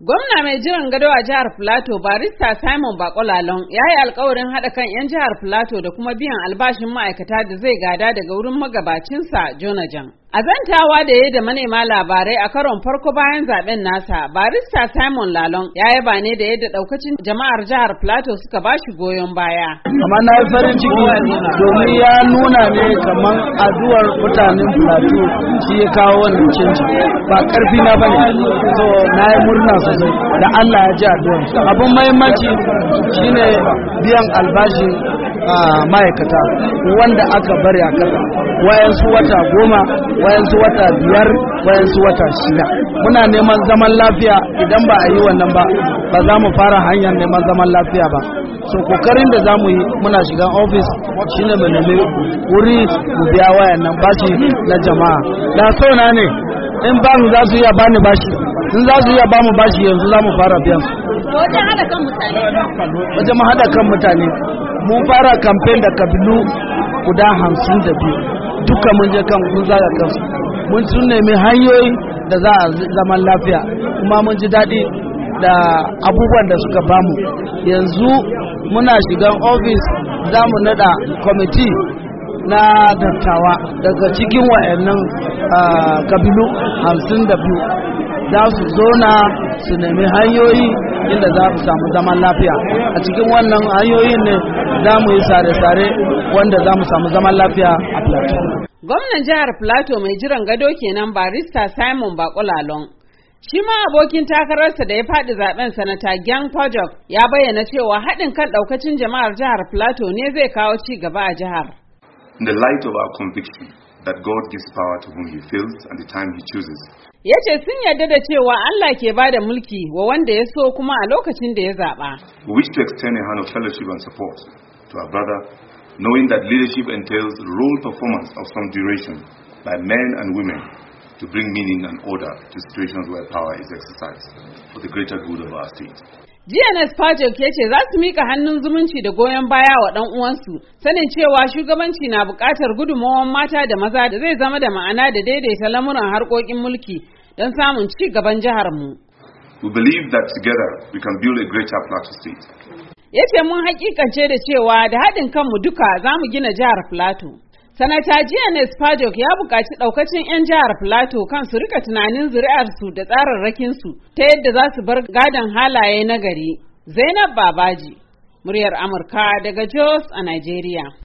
Gwamna mai jiran gado a jihar Filato barista Simon Bakolalon ya yi alkawarin haɗa kan 'yan jihar Filato da kuma biyan albashin ma'aikata da zai gada daga wurin magabacinsa Jonajan. A zantawa da ya da manema labarai a karon farko bayan zaben nasa, barista Simon Lalon ya yaba ne da yadda daukacin jama'ar jihar Plateau suka ba shi goyon baya. Kamar na farin ciki domin ya nuna ne kamar addu'ar mutanen Plateau shi ya kawo wannan canji. Ba karfi na bane, so na yi murna sosai da Allah ya ji addu'ar. Abin mahimmanci shine biyan albashi a ah, ma'aikata wanda aka bari a kasa. wayansu wata goma wayansu wata biyar wayansu wata shida muna neman zaman lafiya idan ba a yi wannan ba ba za mu fara hanyar neman zaman lafiya ba so kokarin da za mu yi muna shiga ofis shine mu nemi wuri mu biya wayan nan bashi na jama'a da so na ne in ba mu za su iya bani bashi in za su iya ba mu bashi yanzu za mu fara biyan su wajen hada kan mutane wajen hada kan mutane mun fara kamfen da kabilu guda hamsin da biyu duka mun je kan mun zaga kansu mun sun nemi hanyoyi da za a zaman lafiya kuma mun ji daɗi da abubuwan da suka bamu yanzu muna shigan ofis za mu naɗa kwamiti na dattawa daga cikin wayannan ah, kabilu hamsin da biyu za su zona su nemi hanyoyi inda za mu samu zaman lafiya a cikin wannan hanyoyin ne za mu yi sare-sare wanda za mu samu zaman lafiya a plateau gwamnan jihar plateau mai jiran gado kenan barista simon bakulalon Shi ma abokin takararsa da ya faɗi zaben sanata gang Pajok ya bayyana cewa haɗin kan ɗaukacin jama'ar jihar Plateau ne zai kawo ci gaba a jihar. In the light of our conviction, that God gives power to whom he feels and the time he chooses. Ya sun yarda da cewa Allah ke ba da mulki wa wanda ya so kuma a lokacin da ya zaɓa. We wish to extend a hand of fellowship and support to our brother, knowing that leadership entails role performance of some duration by men and women to bring meaning and order to situations where power is exercised for the greater good of our state. GNS Project ya ce za su mika hannun zumunci da goyon baya wa ɗan uwansu, sanin cewa shugabanci na buƙatar gudunmawar mata da maza da zai zama da ma'ana da daidaita lamuran harkokin mulki don samun ci gaban jihar mu. We believe that together we can build a greater Plateau state. Ya ce mun hakikance da cewa da haɗin kanmu duka za mu gina jihar Plateau. Sanata GNS Pajok ya buƙaci ɗaukacin 'yan jihar Filato kan su rika tunanin zuri'arsu da tsararrakinsu ta yadda za su bar gadon halaye na gari. Zainab Babaji, muryar Amurka daga Jos a Najeriya.